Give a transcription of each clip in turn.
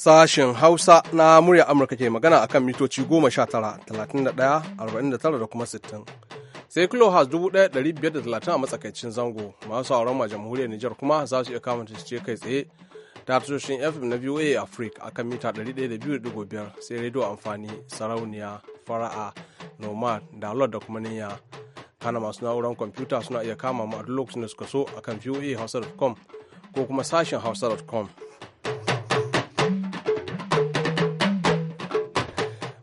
Sashen Hausa na murya Amurka ke magana akan mitoci 19,31,49 da kuma 60. sai kilo kilohas 1530 a matsakaicin zango masu sauran ma jamhuriyar Nijar kuma za su iya kamata su ce kai tsaye ta tashoshin FM na VOA Africa akan mita 102.5 sai rediyo amfani sarauniya fara'a nomad download da kuma niyya kana masu na'urar kwamfuta suna iya kama mu a duk lokacin da suka so akan voahausa.com ko kuma sashen hausa.com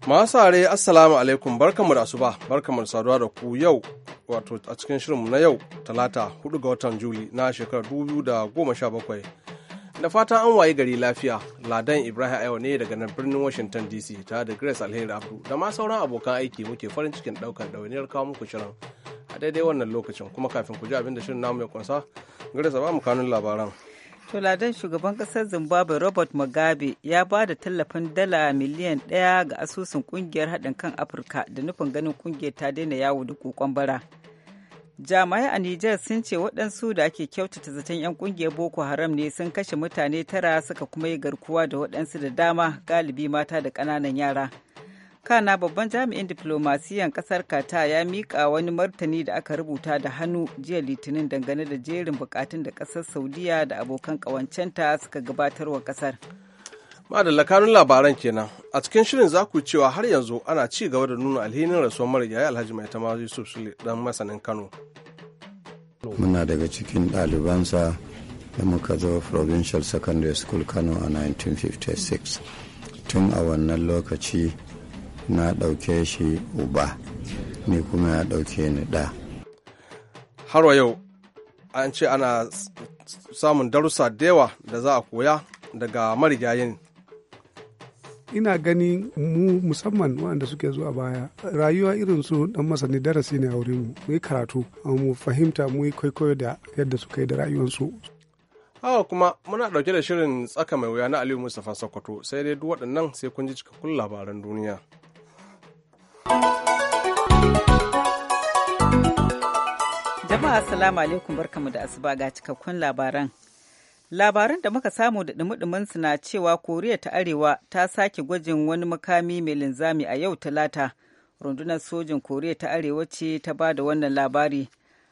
Masare assalamu alaikum barkamu da asuba barkamu da saduwa da ku yau wato a cikin shirinmu na yau talata 4 ga watan Juli na shekarar 2017. Da fatan an waye gari lafiya Ladan Ibrahim Ayo ne daga nan birnin Washington DC tare da Grace Alheri Abdu da ma sauran abokan aiki muke farin cikin daukar ɗawainiyar kawo muku shirin a daidai wannan lokacin kuma kafin ku ji abin da shirin namu ya kunsa Grace ba mu kanun labaran. Tuladen shugaban kasar Zimbabwe Robert Mugabe ya ba da tallafin dala miliyan ɗaya ga asusun kungiyar haɗin kan Afirka da nufin ganin kungiyar ta daina yawo da kokon bara. Jami'ai a Nijar sun ce waɗansu da ake kyautata zaton 'yan kungiyar Boko Haram ne sun kashe mutane tara suka kuma yi garkuwa da waɗansu da dama galibi mata da ƙananan yara. kana babban jami'in diflomasiyan kasar kata ya mika wani martani da aka rubuta da hannu jiya litinin dangane da jerin bukatun da kasar saudiya da abokan kawancenta suka gabatar wa kasar madalla kanun labaran kenan a cikin shirin za ku cewa har yanzu ana ci gaba da nuna alhinin rasuwar marigayi alhaji mai tama yusuf sule dan masanin kano muna daga cikin ɗalibansa da muka zo provincial secondary school kano a 1956 tun a wannan lokaci na ɗauke shi uba ni kuma ya ɗauke ni ɗa har wa yau an ce ana samun darussa da yawa da za a koya daga marigayen. ina gani mu musamman waɗanda suke zuwa baya rayuwa irin su dan masani darasi ne a wurin mu yi karatu mu fahimta mu yi kwaikwayo da yadda suka yi da rayuwarsu hawa kuma muna ɗauke da shirin tsaka mai wuya na aliyu mustapha sokoto sai dai duk waɗannan sai kun ji cikakkun labaran duniya Jama'a Assalamu alaikum barkamu da asuba ga cikakkun labaran. Labaran da muka samu da dumi na cewa Koriya ta Arewa ta sake gwajin wani makami mai linzami a yau Talata. Rundunar sojin Koriya ta Arewa ce ta ba da wannan labari.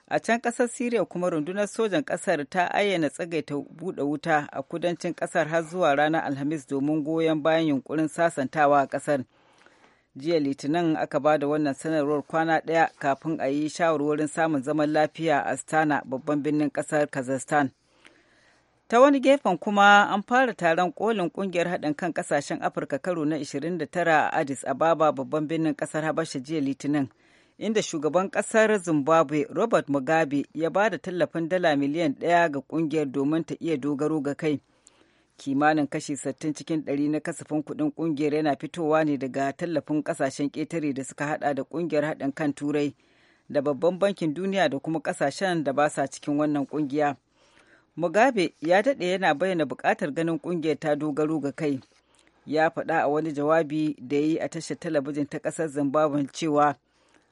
A can ƙasar Siriya kuma rundunar sojan ƙasar ta ayyana tsagaita buɗe wuta a kudancin ƙasar har zuwa ranar Alhamis domin goyon bayan yunkurin sasantawa a ƙasar. jiya litinin aka ba da wannan sanarwar kwana ɗaya kafin a yi shawarwarin samun zaman lafiya a astana babban birnin ƙasar kazakhstan ta wani gefen kuma an fara taron kolin kungiyar haɗin kan ƙasashen afirka karo na 29 a addis ababa babban birnin ƙasar habasha jiya litinin inda shugaban ƙasar zimbabwe robert mugabe ya ba da tallafin dala miliyan ɗaya ga kungiyar domin ta iya dogaro ga kai kimanin kashi 60 cikin 100 na kasafin kuɗin ƙungiyar yana fitowa ne daga tallafin ƙasashen ƙetare da suka haɗa da ƙungiyar haɗin kan turai da babban bankin duniya da kuma ƙasashen da ba sa cikin wannan ƙungiya mugabe ya daɗe yana bayyana buƙatar ganin ƙungiyar ta dogaro ga kai ya faɗa a wani jawabi da ya yi a tashar talabijin ta ƙasar zimbabwe cewa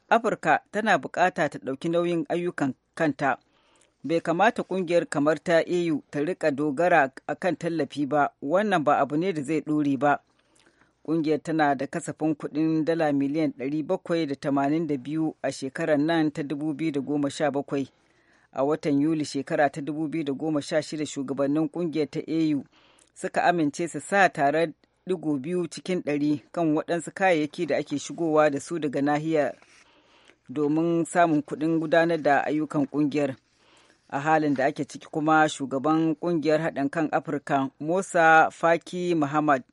afirka tana buƙata ta ɗauki nauyin ayyukan kanta bai kamata kungiyar kamar ta EU ta rika dogara akan tallafi ba wannan ba abu ne da zai ɗore ba. Kungiyar tana da kasafin kuɗin dala miliyan 782 a shekarar nan ta 2017. A watan Yuli shekara ta 2016 shugabannin kungiyar ta AU suka amince su sa tare digo biyu cikin ɗari kan waɗansu kayayyaki da ake shigowa da su daga nahiyar domin samun kuɗin gudanar da ayyukan ƙungiyar. a halin da ake ciki kuma shugaban kungiyar haɗin kan afirka musa faki muhammad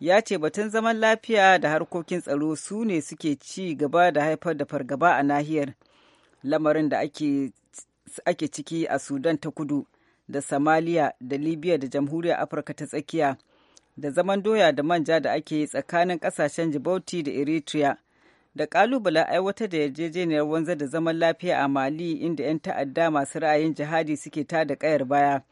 ya ce batun zaman lafiya da harkokin tsaro su ne suke ci gaba da haifar da fargaba a nahiyar lamarin da ake, ciki a sudan ta kudu da somalia da libya da jamhuriyar afirka ta tsakiya da zaman doya da manja da ake tsakanin ƙasashen djibouti da eritrea da kalubalen aiwatar da yarjejeniyar wanzar da zaman lafiya a mali inda 'yan ta'adda masu ra'ayin jihadi suke ta da kayar baya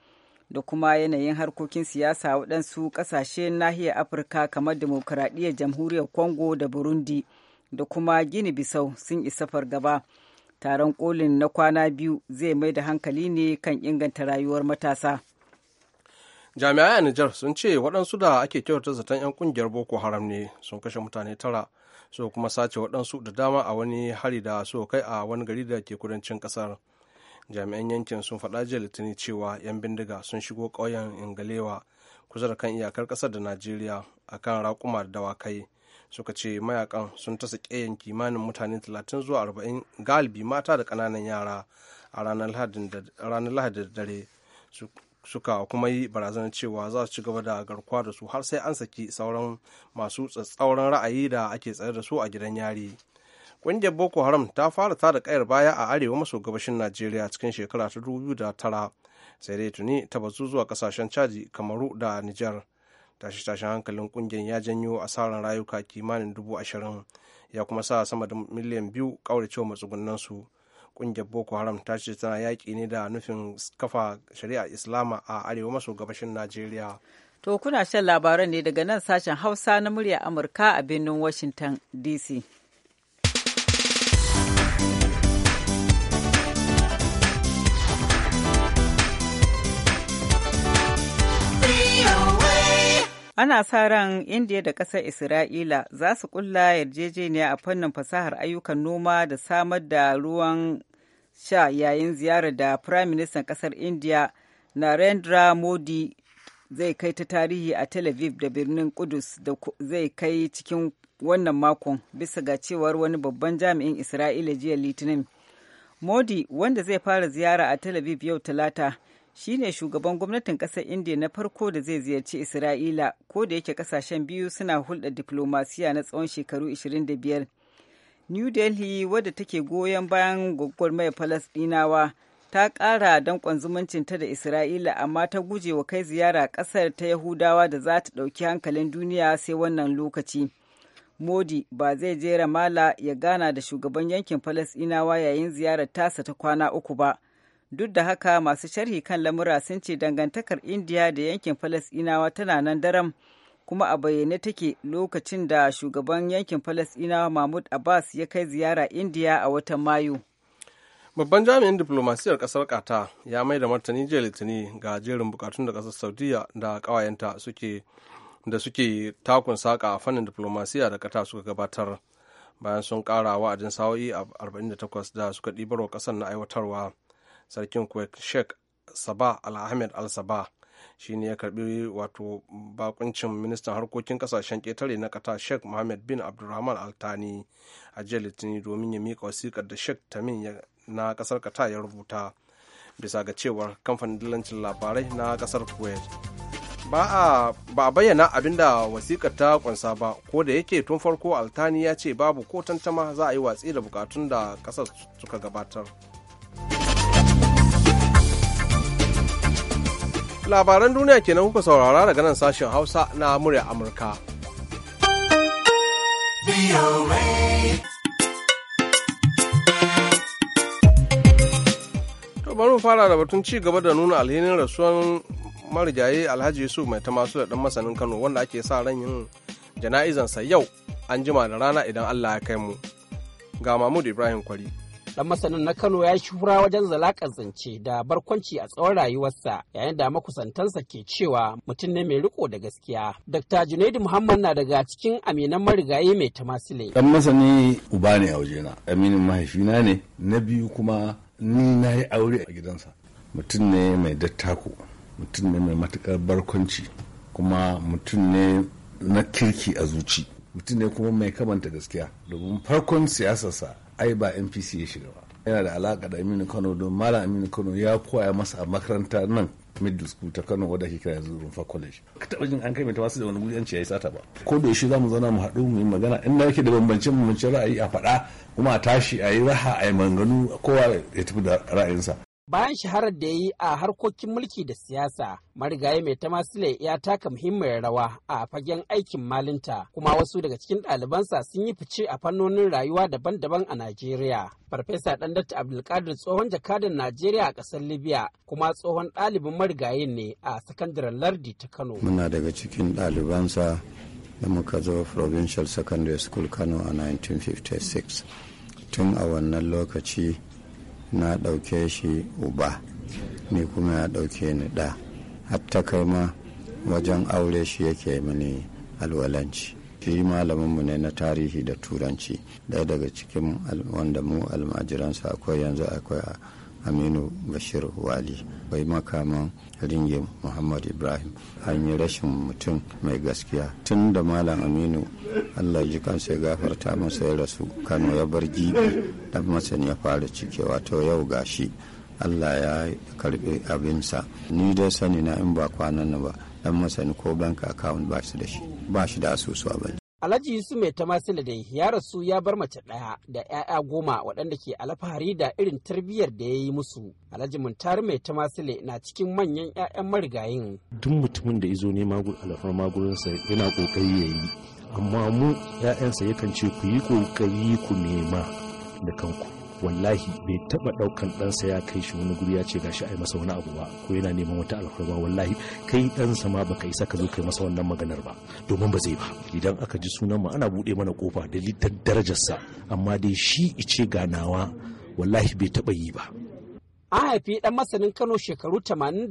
da kuma yanayin harkokin siyasa waɗansu ƙasashe nahiyar afirka kamar demokuraɗiyyar jamhuriyar congo da burundi da kuma gini bisau sun isa fargaba taron kolin na kwana biyu zai mai da hankali ne kan inganta rayuwar matasa jami'ai a nijar sun ce waɗansu da ake kyautar zaton 'yan kungiyar boko haram ne sun kashe mutane tara so kuma sace waɗansu da dama a wani hari da so kai a wani gari da ke kudancin ƙasar jami'an yankin sun faɗa jiya litinin cewa 'yan bindiga sun shigo ƙauyen ingalewa kusa da kan iyakar ƙasar da najeriya kan raƙuma da dawakai suka ce mayakan sun tasa ƙe-yanki kimanin mutane talatin zuwa arba'in galibi mata da ƙananan yara a ranar lahadi da dare suka kuma yi barazanar cewa za su ci gaba da garkuwa da su har sai an saki sauran masu tsatsauran ra'ayi da ake tsare da su a gidan yari ƙungiyar boko haram ta fara tada ƙayar baya a arewa maso gabashin najeriya cikin shekara ta dubu da tara sai dai tuni ta bazu zuwa ƙasashen caji kamaru da nijar tashe-tashen hankalin ƙungiyar ya janyo asarar rayuka kimanin dubu ashirin ya kuma sa sama da miliyan biyu ƙauracewa matsugunansu su kungiyar boko haram ta ce tana yaƙi ne da nufin kafa shari'a islama a arewa maso gabashin najeriya to kuna shan labaran ne daga nan sashen hausa na murya amurka a birnin washington dc ana sa ran indiya da ƙasar isra'ila za su kulla yarjejeniya a fannin fasahar ayyukan noma da samar da ruwan sha yayin ziyarar da Firayim Ministan ƙasar India Narendra Modi zai kai ta tarihi a Tel Aviv da birnin Kudus da zai kai cikin wannan makon bisa ga cewar wani babban jami'in Isra'ila jiya Litinin. Modi wanda zai fara ziyara a Tel Aviv yau Talata shi ne shugaban gwamnatin ƙasar India na farko da zai ziyarci Isra'ila ko da yake ƙasashen biyu suna hulɗa diplomasiya na tsawon shekaru 25. new delhi wadda take goyon bayan gwagwarmayar Falasɗinawa, ta ƙara danƙon zumuncinta da isra'ila amma ta guje wa kai ziyara ƙasar ta yahudawa da za ta ɗauki hankalin duniya sai wannan lokaci modi ba zai je ramala ya gana da shugaban yankin falasɗinawa yayin ziyarar tasa ta kwana uku ba duk da haka masu sharhi kan lamura sun ce dangantakar indiya da yankin falasɗinawa tana nan daram kuma a bayyane take lokacin da shugaban yankin falasɗinawa mahmud abbas ya kai ziyara indiya a watan mayu babban jami'in diplomasiyar kasar kata ya mai da martani jiya litini ga jerin bukatun da kasar saudiya da kawayenta suke da suke takun saka a fannin diplomasiya da kata suka gabatar bayan sun kara wa'adin sa'o'i 48 da suka wa kasar na aiwatarwa sarkin kuwait sheikh sabah al-ahmed al-sabah shine ya karbi wato bakuncin ministan harkokin kasashen ketare na kata sheikh mohammed bin abdulrahman altani a jiya litinin domin ya mika wasikar da sheikh tamin na kasar kata ya rubuta bisa ga cewar kamfanin dillancin labarai na kasar kuwait ba a bayyana abin da wasikar ta kunsa ba ko da yake tun farko altani ya ce babu ko tantama za a yi watsi da bukatun da kasar suka gabatar labaran duniya kenan kuka saurara daga nan sashen hausa na murya amurka bari mu fara da batun ci gaba da nuna alhinin rasuwan marigayi alhaji yusuf mai ta masu da dan masanin kano wanda ake sa ran yin jana'izansa yau an jima da rana idan allah ya kai mu ga mahmud ibrahim kwari Dan masanin na Kano ya shura wajen zalakar zance da barkwanci a tsawon rayuwarsa yayin da makusantansa ke cewa mutum ne mai riko da gaskiya. Dr. Junaidu Muhammad na daga cikin aminan marigayi mai tamasile. Dan masani uba ne a wajena, aminin mahaifina ne, na biyu kuma ni na yi aure a gidansa. Mutum ne mai dattako, mutum ne mai matukar barkwanci, kuma mutum ne na kirki a zuci. Mutum ne kuma mai kamanta gaskiya, domin farkon siyasarsa ai ba npc ya shiga ba yana da alaka da aminu kano don malam aminu kano ya koya masa a makaranta nan middle school ta kano wadda ake kira yanzu rumfa college ka taba jin an kai mai wasu da wani gudanci ya yi sata ba ko da yaushe zamu zauna mu haɗu mu yi magana inda yake da bambance bambance ra'ayi a faɗa kuma a tashi a yi raha a yi manganu kowa ya tafi da ra'ayinsa bayan shaharar da ya yi a harkokin mulki da siyasa marigayi mai Masile ya taka muhimmiyar rawa a fagen aikin malinta kuma wasu daga cikin ɗalibansa sun yi fice a fannonin rayuwa daban-daban a najeriya farfesa datti abdulkadir tsohon jakadan najeriya a ƙasar libya kuma tsohon ɗalibin marigayin ne a sakandaren lardi ta kano muna daga cikin ɗalibansa da muka zo provincial secondary school kano a 1956 tun a wannan lokaci na ɗauke shi uba ni kuma ya ɗauke ni ɗa hatta kai ma wajen aure shi yake mini alwalanci shi malaminmu ne na tarihi da turanci ɗaya daga cikin wanda mu almajiransa akwai yanzu akwai a aminu bashir wali bai makaman ringin muhammad ibrahim an yi rashin mutum mai gaskiya tun da malam aminu allah ji kansa ya gafarta masa ya rasu kano ya bar gibi dan masan ya fara cikewa to yau gashi allah ya karbi abinsa ni dai sani na in ba kwanan ba dan masani ko bank account ba shi da shi ba shi da asusu a Alhaji Yusuf mai tamasila da ya rasu ya bar mace ɗaya da 'ya'ya goma waɗanda ke alfahari da irin tarbiyyar da ya yi musu. Alhaji Muntari mai tamasile na cikin manyan 'ya'yan marigayin. Duk mutumin da izo ne alfar magurinsa yana ƙoƙari ya yi, amma mu 'ya'yansa yakan ce ku yi ƙoƙari ku nema da kanku. wallahi bai taba daukan ɗansa ya kai shi wani guri ya ce gashi yi masa wani abu ba ko yana neman wata alfarma wallahi kai ɗansa ma baka isa ka zo kai masa wannan maganar ba domin ba zai ba idan aka ji sunan ma ana buɗe mana kofa da littar darajarsa amma dai shi ice ganawa wallahi bai taba yi ba an haifi ɗan masanin kano shekaru 88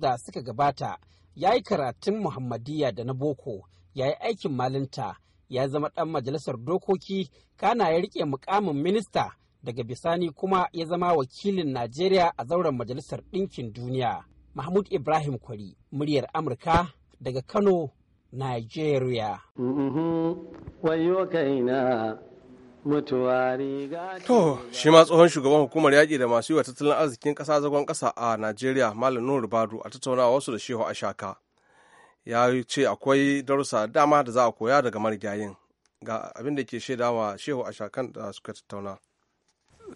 da suka gabata ya yi karatun muhammadiyya da na boko ya yi aikin malinta ya zama ɗan majalisar dokoki kana ya rike mukamin minista daga bisani kuma ya zama wakilin najeriya a zauren majalisar ɗinkin duniya mahmud ibrahim kwari muryar amurka daga kano Najeriya. To, shi ma tsohon shugaban hukumar yaƙi da masu yi wa tattalin arzikin ƙasa zagon ƙasa a Najeriya, Malam Nuhu Badu, a tattaunawa wasu da Shehu a shaka, Ya ce akwai darussa dama da za a koya daga marigayin. Ga abin da ke shaidawa Shehu shakan da suka tattauna.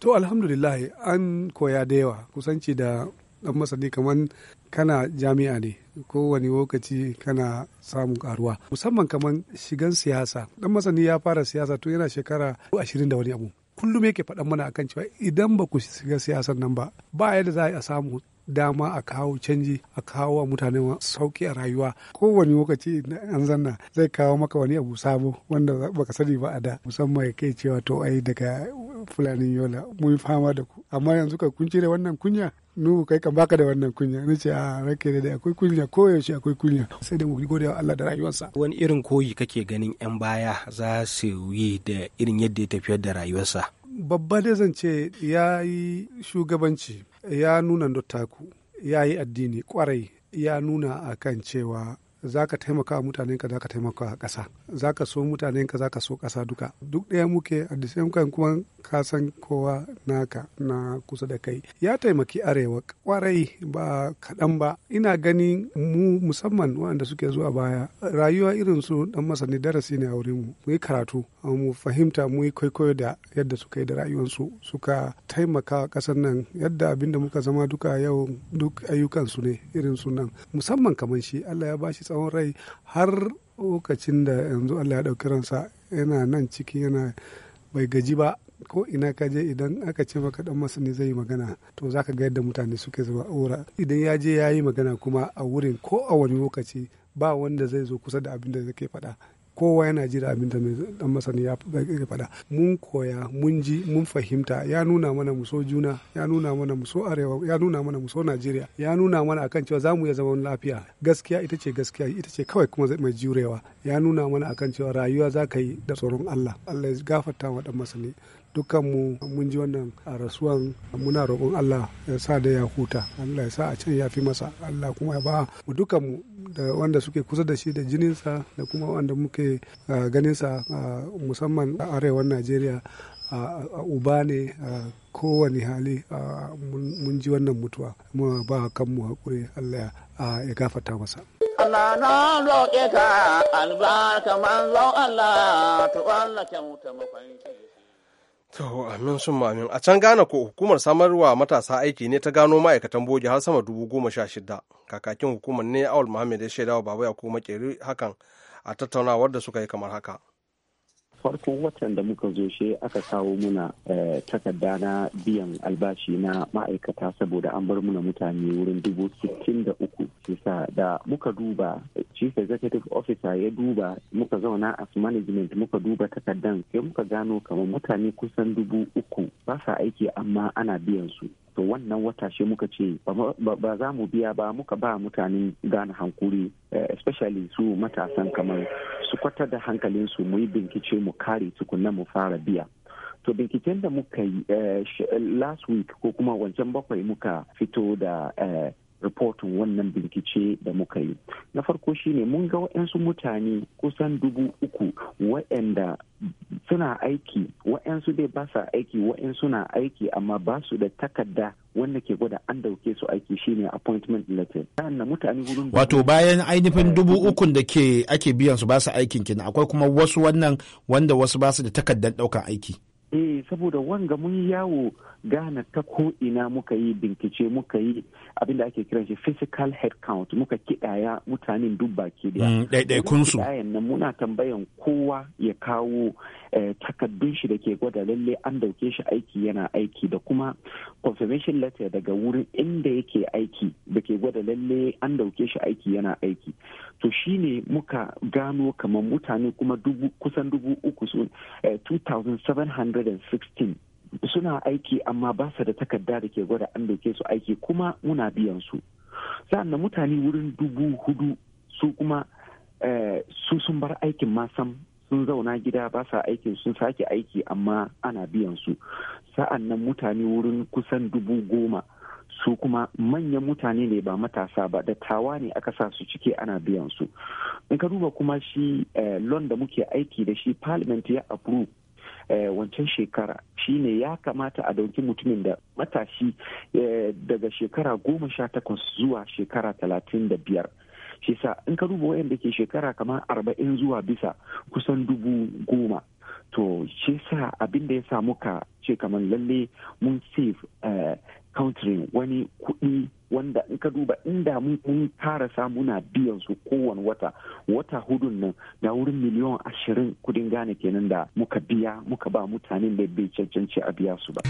to alhamdulillah an koya da yawa kusanci da dan masani kamar kana jami'a ne kowane lokaci kana samun karuwa musamman kamar shigan siyasa dan masani ya fara siyasa tun yana shekara ashirin da wani abu kullum yake faɗan mana akan cewa idan ba ku shiga siyasar nan ba ba yadda za a samu dama a kawo canji a kawo wa mutane sauki a rayuwa kowane lokaci an zanna zai kawo maka wani abu sabo wanda baka sani ba a da musamman ya kai cewa to ai daga fulani yola mun fama da ku amma yanzu ka kun da wannan kunya nu kai kan baka da wannan kunya ni ce a rake da akwai kunya ko yaushe akwai kunya sai da mu gode wa Allah da rayuwarsa wani irin koyi kake ganin yan baya za su yi da irin yadda ya tafiyar da rayuwarsa babba ne zan ce ya yi shugabanci ya nuna dottaku ya yi addini kwarai ya nuna akan cewa za ka taimaka mutanen ka za ka taimaka a ƙasa za ka so mutanen ka za ka so ƙasa duka duk ɗaya muke a the same kuma ka san kowa naka na kusa da kai ya taimaki arewa kwarai ba kaɗan ba ina ganin mu musamman waɗanda suke zuwa baya rayuwa irin su dan masani darasi ne a wurin mu mu yi karatu um, mu fahimta mu yi kwaikwayo da yadda suka yi da rayuwarsu suka taimaka a ƙasar nan yadda abin da muka zama duka yau duk ayyukansu ne irin su nan musamman kamar shi Allah ya ba bashi tsawon rai har lokacin da yanzu Allah ya ɗauki ransa yana nan ciki yana bai gaji ba ko ina ka je idan aka ce maka dan masani zai yi magana to zaka ga yadda mutane suke zama aura idan ya je ya yi magana kuma a wurin ko a wani lokaci ba wanda zai zo kusa da abin da zai ke faɗa kowa yana jira abin da dan masani ya faɗa mun koya mun ji mun fahimta ya nuna mana mu so juna ya nuna mana mu so arewa ya nuna mana mu so najeriya ya nuna mana akan cewa za mu iya zama lafiya gaskiya ita ce gaskiya ita ce kawai kuma mai jurewa ya nuna mana akan cewa rayuwa za ka yi da tsoron allah allah ya gafarta wa dan masani dukkanmu mun ji wannan a rasuwan muna roƙon Allah ya sa da ya huta Allah ya sa a can ya fi masa Allah kuma ya ba mu dukkanmu da wanda suke kusa da shi da jininsa da kuma wanda muke ah, ganinsa ah, musamman a arewan Najeriya a ah, uba ne a kowane hali mun ji wannan mutuwa mu ba kanmu haƙuri Allah ya gafata masa. Allah na roƙe ka albarka manzon Allah ta wallake mutum To, amin sun amin. A can gane ko hukumar samarwa matasa aiki ne ta gano ma'aikatan bogi har sama dubu goma sha shida. Kakakin hukumar ne Awul mahmed ya shaidawa Baba kuma Makeri hakan a tattaunawar da suka yi kamar haka. farko watan da muka zo shi aka kawo muna eh, takarda na biyan albashi na ma'aikata saboda an bar muna mutane wurin dubu sittin da uku sa da muka duba chief executive officer ya duba muka zauna as management muka duba takardan sai muka gano kamar mutane kusan dubu uku ba sa aiki amma ana biyan su to wannan wata shi muka ce ba za mu biya ba muka ba mutane gane hankuri eh, especially su matasan kamar su kwatar da hankalinsu mu yi bincike mu kare tukunna mu fara biya to binciken da muka yi eh, last week ko kuma wancan bakwai muka fito da eh, rahoton wannan bincike da muka yi na farko shine mun ga waɗansu mutane kusan dubu uku waɗanda suna aiki waɗansu dai ba sa aiki waɗansu na aiki amma ba su da takarda wanda ke gwada an dauke su aiki shine appointment letter na mutane wato bayan ainihin eh, dubu ukun da ke ake biyan su ba su aikin kina akwai kuma wasu wannan wanda wasu ba su da takardar daukan aiki eh saboda wanga mun yawo Ghana ta ko'ina muka yi bincike muka yi abin da ake kiran shi physical head count muka kidaya mutanen duk baki daya. kun su. nan muna tambayan kowa ya kawo eh, takardun shi da ke gwada lalle an dauke shi aiki yana aiki da kuma confirmation letter daga wurin inda yake aiki da ke gwada lalle an dauke shi aiki yana aiki. To shine muka gano kamar mutane kuma kusan dubu uku su 2716 eh, suna aiki amma ba su da takarda da ke gwada an doke su aiki kuma muna biyan su sa'an mutane wurin dubu hudu su kuma eh, su sun bar aikin ma sam sun zauna gida ba sa aikin sun sake aiki amma ana biyan su sa'an nan mutane wurin kusan dubu goma su kuma manyan mutane ne ba matasa ba dattawa ne aka sa su cike ana biyan su in ka duba kuma shi eh, lon da muke aiki da shi parliament ya approve Eh, wancan shekara shine ya kamata a dauki mutumin da matashi eh, daga shekara goma sha takwas zuwa shekara talatin da biyar shi sa in ka duba wayanda ke shekara kamar arba'in zuwa bisa kusan dubu goma to shi sa abin da ya samu ka ce kamar lalle mun save eh, country wani kuɗi wanda in ka duba inda mun karasa muna biyan su kowane wata wata hudun nan na wurin miliyan ashirin kudin gane kenan da muka biya muka ba mutanen da bai cancanci a biya su ba.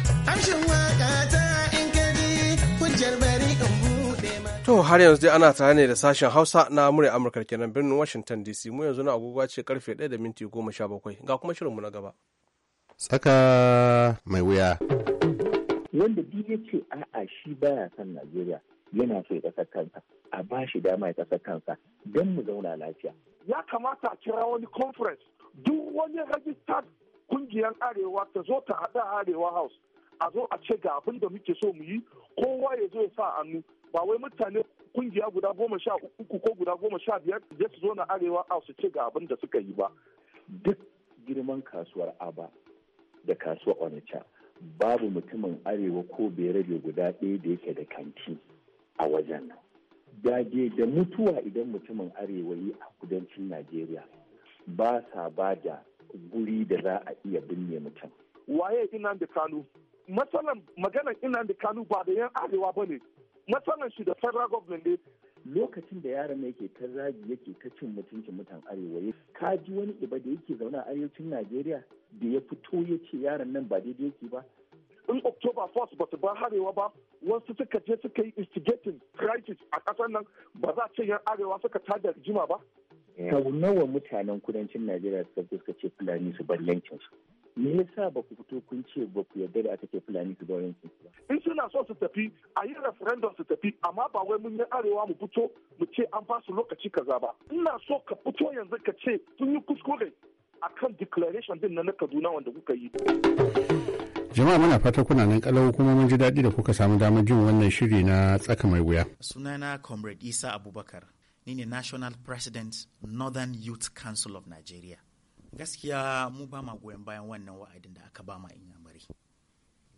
To har yanzu dai ana tare ne da sashen Hausa na murya Amurka kenan birnin Washington DC mu yanzu na agogo ce karfe 1 da minti 17 ga kuma mu na gaba. Tsaka mai wuya. Wanda duk ya ce a'a shi baya san Najeriya yana so ya kasar kansa a ba shi dama ya kasar kansa don mu zauna lafiya. Ya kamata a kira wani conference duk wani rajistar kungiyar arewa ta zo ta haɗa arewa house a zo a ce ga abin da muke so mu yi kowa ya zo ya sa hannu ba wai mutane kungiya guda goma sha uku ko guda goma sha biyar ya su zo na arewa house su ce ga abin da suka yi ba. Duk girman kasuwar aba da kasuwar onitsha babu mutumin arewa ko bere guda ɗaya da yake da kanti. a wajen dage da mutuwa idan mutumin arewa yi a kudancin najeriya ba sa ba da guri da za a iya binne mutum waye ina da kanu matsalan maganar da kanu ba da yan arewa ba ne matsalan shi da federal government ne lokacin da yaron yake ta zagi yake ta cin mutuncin mutan arewa ya kaji wani iba da yake zauna a arewacin najeriya da ya fito ya ce yaron nan ba daidai yake ba in october 1 ba su bar harewa ba wasu suka je suka yi instigating crisis a kasar nan ba za a ce yan arewa suka tada jima ba sau nawa mutanen kudancin najeriya suka ce fulani su bar yankin su me yasa ba ku fito kun ce ba ku yarda da aka ce fulani su bar yankin su ba in suna so su tafi a yi referendum su tafi amma ba wai mun yi arewa mu fito mu ce an ba su lokaci kaza ba ina so ka fito yanzu ka ce sun yi kuskure akan declaration din na na kaduna wanda kuka yi jama'a muna fata kuna nan kalau kuma mun ji daɗi da kuka samu damar jin wannan shiri na tsaka mai wuya sunana comrade isa abubakar ni ne national president northern youth council of nigeria gaskiya mu ba ma goyon bayan wannan wa'adin da aka ba ma inyamari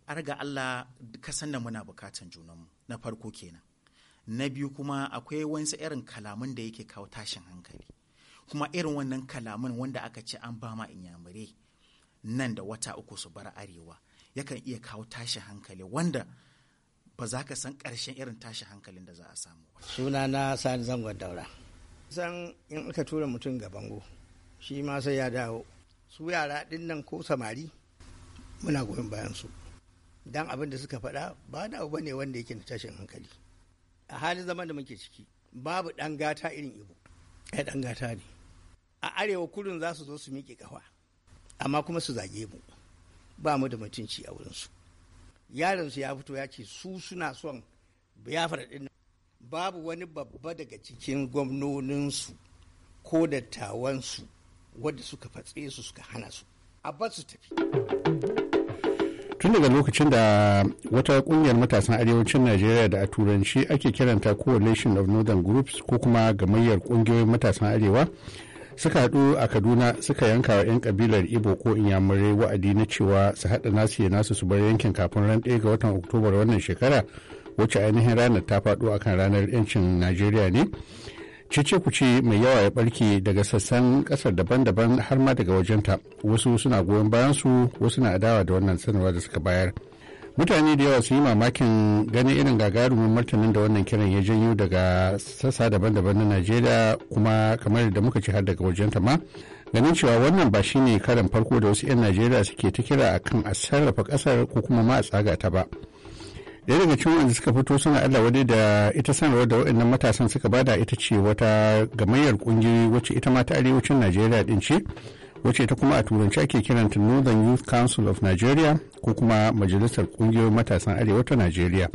arga allah ka san da muna bukatan junanmu na farko kenan na biyu kuma akwai wasu irin kalaman da yake kawo tashin hankali kuma irin wannan kalaman wanda aka ce an ba ma inyamare nan da wata uku su bar arewa yakan iya kawo tashin hankali wanda ba za ka san ƙarshen irin tashin hankalin da za a samu suna na sani zangon daura san in aka tura mutum ga bango shi ma sai ya dawo su yara ɗin nan ko samari muna goyon bayan su dan abin da suka faɗa ba na abu ne wanda yake na tashin hankali a halin zaman da muke ciki babu ɗan gata irin ibo ai ɗan gata ne a arewa Kudun za su zo su miƙe kafa amma kuma su zage mu ba mu da mutunci a wurinsu yaransu ya fito ya ce su suna son biyafar ɗin babu wani babba daga cikin gwamnoninsu ko dattawansu wadda suka fatse su suka hana su a su tafi tun daga lokacin da wata kungiyar matasan arewacin najeriya da a turanci ake kiranta coalition of northern groups ko kuma gamayyar kungiyoyin matasan arewa suka haɗu a kaduna suka yanka wa 'yan kabilar ibo ko inyamurai wa'adi na cewa su haɗa nasu ya nasu su bar yankin kafin ran ɗaya ga watan oktobar wannan shekara wacce ainihin ranar ta faɗo akan ranar 'yancin najeriya ne cece kuce mai yawa ya barke daga sassan kasar daban-daban har ma daga wajenta wasu suna goyon bayan su wasu na adawa da wannan sanarwa da suka bayar mutane da yawa su yi mamakin ganin irin gagarumin martanin da wannan kiran ya janyo daga sassa daban-daban na najeriya kuma kamar da muka ci har daga wajen ma ganin cewa wannan ba shine karan farko da wasu 'yan najeriya suke ta kira akan a sarrafa kasar ko kuma ma a tsaga ta ba daya daga cikin wanda suka fito suna allah wadai da ita sanarwar da waɗannan matasan suka bada ita ce wata gamayyar ƙungiyoyi wacce ita ma ta arewacin najeriya din ce wacce ta kuma a turanci ake kiranta northern youth council of nigeria ko kuma majalisar kungiyoyin matasan arewa ta nigeria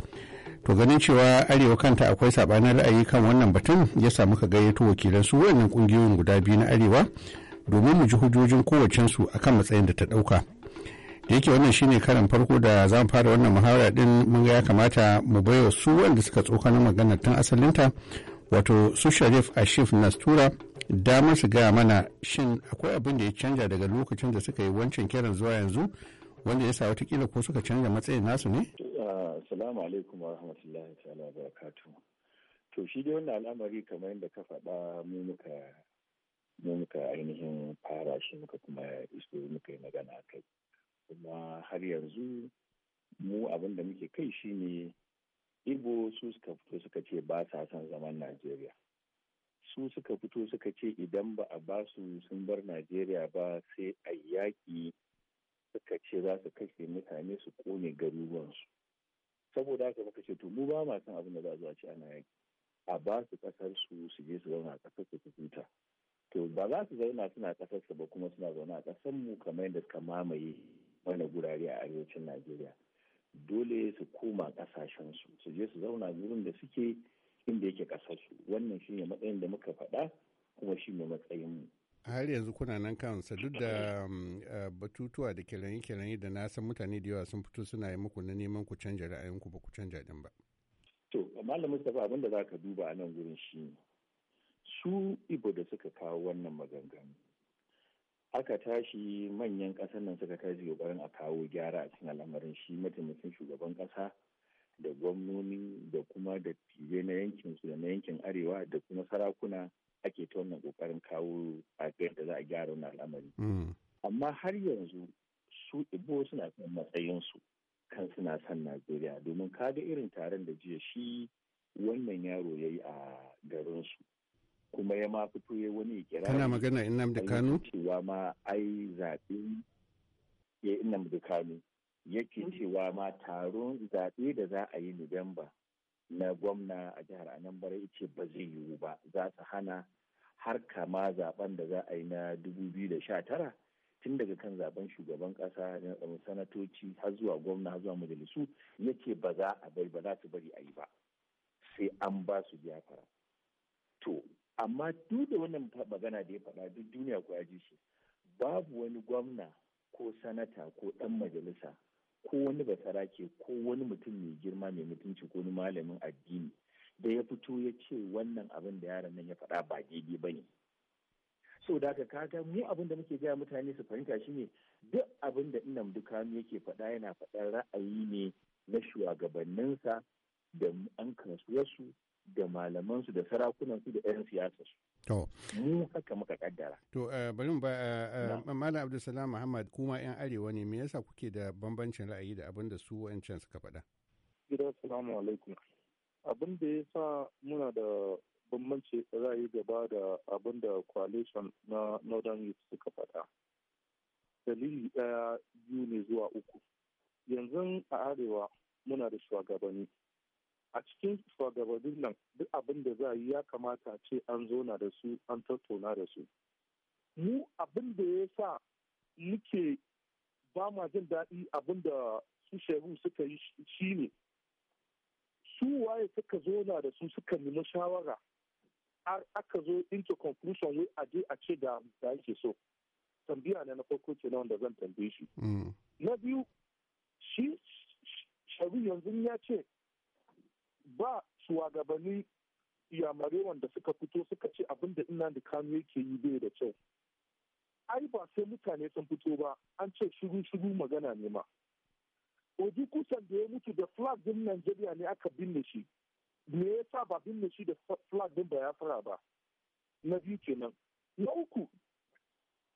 to ganin cewa arewa kanta akwai sabanin ra'ayi kan wannan batun ya samu ka gayyato wakilan su wannan kungiyoyin guda biyu na arewa domin mu ji hujjojin kowacensu akan matsayin da ta dauka da yake wannan shine karin farko da za mu fara wannan muhawara din mun ga ya kamata mu baiwa su wanda suka tsokanin maganar tun asalinta wato su sharif ashif nastura damar su gaya mana shin akwai abin da ya canja daga lokacin da suka yi wancan kiran zuwa yanzu wanda ya sa watakila ko suka canja matsayin nasu ne? Assalamu ah, alaikum wa rahmatullahi ta'ala barakatu. To shi dai wannan al'amari kamar yadda ka faɗa mu muka mu muka ainihin fara shi muka kuma iso muka yi magana kai. Kuma har yanzu mu abinda muke kai shine Igbo su suka fito suka ce ba sa son zaman Najeriya. su suka fito suka ce idan ba a ba su sun bar najeriya ba sai a yaƙi suka ce za su kashe mutane su ƙone garuruwansu saboda haka muka ce to mu ba ma san abin da za a zo a ce ana yaƙi a ba su ƙasar su su je su zauna a ƙasar su huta to ba za su zauna suna ƙasar su ba kuma suna zauna a ƙasar mu kamar yadda suka mamaye mana gurare a arewacin najeriya dole su koma ƙasashen su su je su zauna gurin da suke inda yake kasarsu wannan shine matsayin da muka faɗa kuma shi shine matsayinmu har yanzu kuna nan kansa duk da um, uh, batutuwa da kiranye-kiranye da na san mutane da yawa sun fito suna yi muku na neman ku canja ra'ayinku ba ku canja din ba. To, Malam Mustapha abin da za ka duba a nan gurin shi ne, su Ibo da suka kawo wannan maganganu. Aka tashi manyan ƙasar nan suka tashi ƙoƙarin a kawo gyara a cikin al'amarin shi mataimakin shugaban ƙasa da gwamnoni da kuma da tije na yankin su da na yankin arewa da kuma sarakuna ake ta wannan kokarin kawo a da za a gyara wannan al'amari hmm. amma har yanzu su ibo suna kan su kan suna san najeriya domin kaga irin taron da jiya shi wannan yaro ya yi a garinsu kuma ya ma fito ya wani kira kana magana innam da kano cewa ma ai zaɓe ya da kano yake mm. cewa ma taron zaɓe da za a yi Nuwamba na gwamna a jihar Anambra ya ce ba zai yiwu ba za su hana har kama zaben da za a yi na 2019 tun daga kan zaben shugaban ƙasa na um, sanatoci har zuwa gwamna har zuwa majalisu yake ba za a bari ba za su bari a yi ba sai an ba su jafara to amma duk da wannan magana da ya faɗa duk duniya ku ji shi babu wani gwamna ko sanata ko ɗan majalisa ko wani basarake ko wani mutum mai girma mai mutunci ko wani malamin addini da ya fito ya ce wannan abin da yaron nan ya faɗa ba daidai ba ne so da haka kaga mu abin da muke gaya mutane su fahimta shine duk abin da inam dukanu yake faɗa yana faɗar ra'ayi ne na shugabanninsa da an kasuwarsu da malamansu da sarakunansu da 'yan su. To. Mu haka muka kaddara. To eh, bari ba eh, eh, Malam Abdulsalam Muhammad kuma 'yan arewa ne me yasa kuke da bambancin ra'ayi da abin da su wancan suka faɗa? Gida salamu alaikum. Abin da ya sa muna da bambanci ra'ayi gaba da abin da coalition na Northern Youth suka faɗa. Dalili ɗaya biyu ne zuwa uku. Yanzu a arewa muna da shugabanni. a cikin shugabannin nan duk abin da za a yi ya kamata ce an zona da su an tattauna da su mu abin da ya sa muke ba ma jin daɗi abin da su shehu suka yi shi ne su waye suka zona da su suka nemi shawara har aka zo into conclusion wai a je a ce da da yake so tambiya ne na farko ke wanda zan tambaye shi mm. na biyu shi sharu yanzu ya ce ba shugabanni yamare wanda suka fito suka ce abin da ina da kano yake yi bai da kyau ai ba sai mutane sun fito ba an ce shiru shiru magana ne ma oji kusan da ya mutu da flag din najeriya ne aka binne shi me yasa ba binne shi da flag din ba ya fara ba na biyu kenan na uku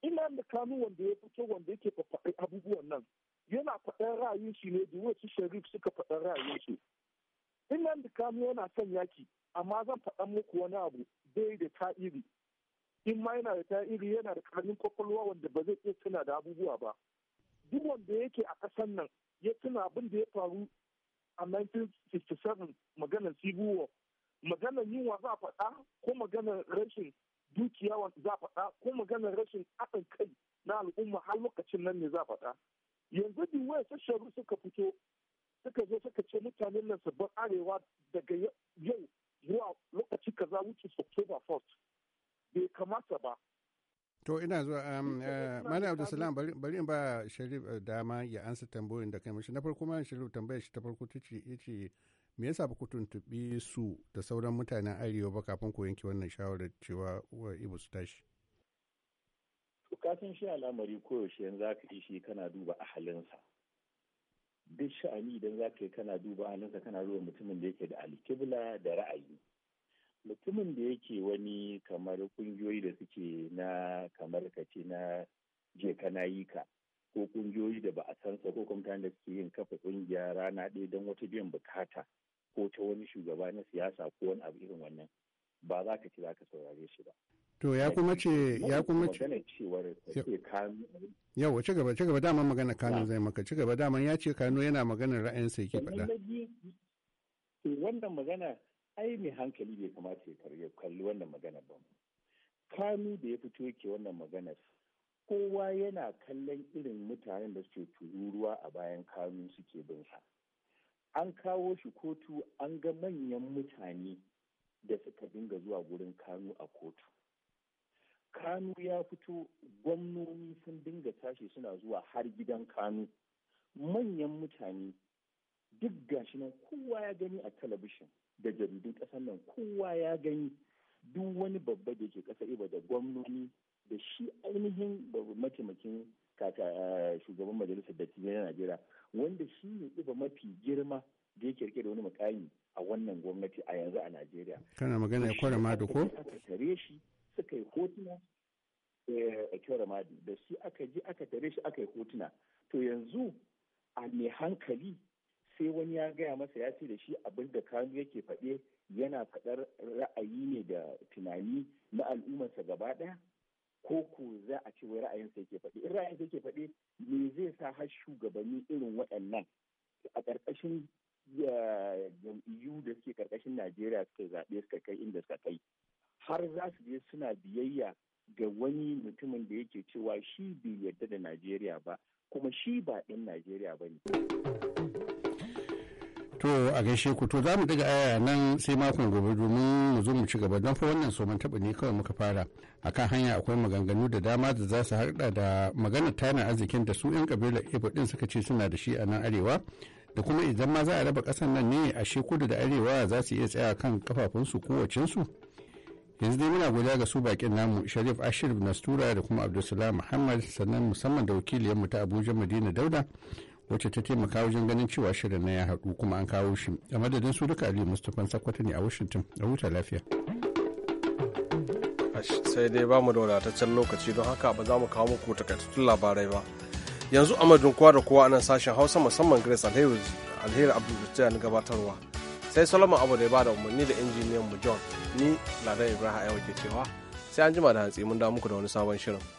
ina da kanu wanda ya fito wanda yake faɗi abubuwan nan yana faɗin ra'ayin shi ne da wasu sharif suka faɗan ra'ayin shi Inland Kano yana son yaki, amma zan faɗa muku wani abu dai da ta'iri. In ma yana da ta'iri yana da ƙarin kwakwalwa wanda ba zai iya tuna da abubuwa ba. Duk wanda yake a ƙasar nan ya tuna abin da ya faru a 1967 maganar Civil War. Maganar yunwa za a faɗa ko maganar rashin dukiya za a faɗa ko maganar rashin haɗin kai na al'umma har lokacin nan ne za a faɗa. Yanzu duk waya sashen suka fito suka zo suka ce mutane wannan sabbin arewa daga yau zuwa lokaci kaza wuce October 1 bai kamata ba. To ina zuwa um, eh, Malam Abdulsalam bari in ba Sharif eh, dama ya ansa tambayoyin da kai mashi na farko ma Sharif tambayar shi ta farko ta ce ce me yasa ba ku tuntubi su da sauran mutanen arewa ba kafin ku yanke wannan shawarar cewa wa ibu su tashi. kasan shi al'amari koyaushe yanzu za ka ishi kana duba ahalinsa. duk sha'ani idan za ka yi kana duba halinsa kana duba mutumin da yake da alkibla da ra'ayi mutumin da yake wani kamar kungiyoyi da suke na kamar ka ce na je kana yi ka ko kungiyoyi da ba a san ko kuma da suke yin kafa kungiya rana ɗaya don wata biyan bukata ko ta wani shugaba na siyasa ko wani abu irin wannan ba za ka ci za ka saurare shi ba to ya kuma ce ya kuma ce yawa ci gaba ci gaba daman magana kano zai maka ci gaba daman ya ce kano yana maganar ra'ayin sai ke faɗa wannan magana ai mai hankali bai kamata ya kalli wannan magana ba Kano da ya fito yake wannan magana kowa yana kallon irin mutanen da suke tururuwa a bayan kanu suke bin sa an kawo shi kotu an ga manyan mutane da suka dinga zuwa gurin kanu a kotu kanu ya fito gwamnoni sun dinga tashi suna zuwa har gidan kanu manyan mutane duk gashi nan kowa ya gani a talabishin da jaridun ƙasar nan kowa ya gani duk wani babba da ke kasa iba da gwamnoni da shi ainihin mataimakin kaka eh, shugaban majalisar dattijai na najeriya wanda shi ne iba mafi girma da ya rike da wani mukami a wannan gwamnati a yanzu a najeriya kana magana ya kwara ma da ko suka yi hotuna a ramadi da shi aka ji aka tare shi aka yi hotuna to yanzu a mai hankali sai wani ya gaya masa ya ce da shi abin da kanu yake faɗe yana faɗar ra'ayi ne da tunani na al'ummarsa gaba ɗaya ko ko za a ce wai ra'ayinsa yake faɗe in ra'ayinsa yake faɗe me zai sa har shugabanni irin waɗannan a ƙarƙashin jam'iyyu da suke ƙarƙashin najeriya suka zaɓe suka kai inda suka kai har za su je suna biyayya ga wani mutumin da yake cewa shi bai yarda da Najeriya ba kuma shi ba ɗin Najeriya ba ne. To a gaishe ku to za mu daga aya nan sai makon gobe domin mu zo mu ci gaba don fa wannan so man taɓa ne kawai muka fara a kan hanya akwai maganganu da dama da za su harɗa da maganar tana arzikin da su 'yan kabilar Ibo din suka ce suna da shi a nan arewa da kuma idan ma za a raba ƙasar nan ne a shekudu da arewa za su iya tsaya kan kafafunsu kowacinsu. yanzu dai muna godiya ga su bakin namu sharif ashir nastura da kuma abdulsalam muhammad sannan musamman da wakiliyarmu ta abuja madina dauda wacce ta taimaka wajen ganin cewa shirin na ya haɗu kuma an kawo shi a madadin su duka ali mustapha sakwata ne a washington a huta lafiya sai dai ba mu da wadataccen lokaci don haka ba za mu kawo muku takaitattun labarai ba yanzu a kowa da kowa a nan sashen hausa musamman grace alheri abdul gabatarwa sai solomon abu da ya bada umarni da injiniyan mu john ni ladan ibrahim yau ke cewa sai an jima da hantsi mun da muku da wani sabon shirin